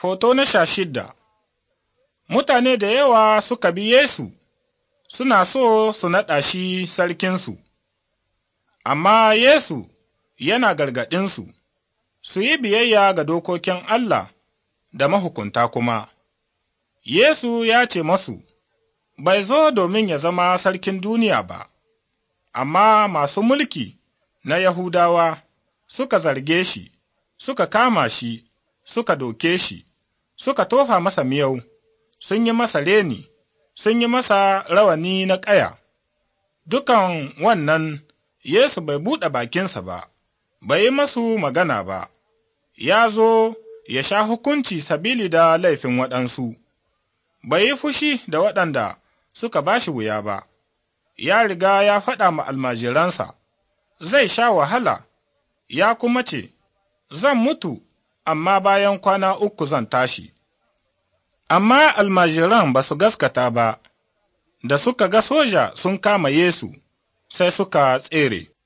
Hoto na sha shidda Mutane da yawa suka bi Yesu, suna so su naɗa shi sarkinsu, amma Yesu yana gargaɗinsu, su yi biyayya ga dokokin Allah da mahukunta kuma. Yesu ya ce masu, Bai zo domin ya zama sarkin duniya ba, amma masu mulki na Yahudawa suka zarge shi, suka kama shi, suka doke shi. suka tofa masa miyau, sun yi masa reni, sun yi masa rawani na ƙaya. Dukan wannan Yesu bai buɗe bakinsa ba, bai yi masu magana ba, ya zo ya sha hukunci sabili da laifin waɗansu, bai yi fushi da waɗanda suka ba shi wuya ba, ya riga ya faɗa ma almajiransa, zai sha wahala, ya kuma ce, Zan mutu amma bayan kwana uku zan tashi. Amma almajiran ba su gaskata ba, da suka ga soja sun kama Yesu, sai suka tsere.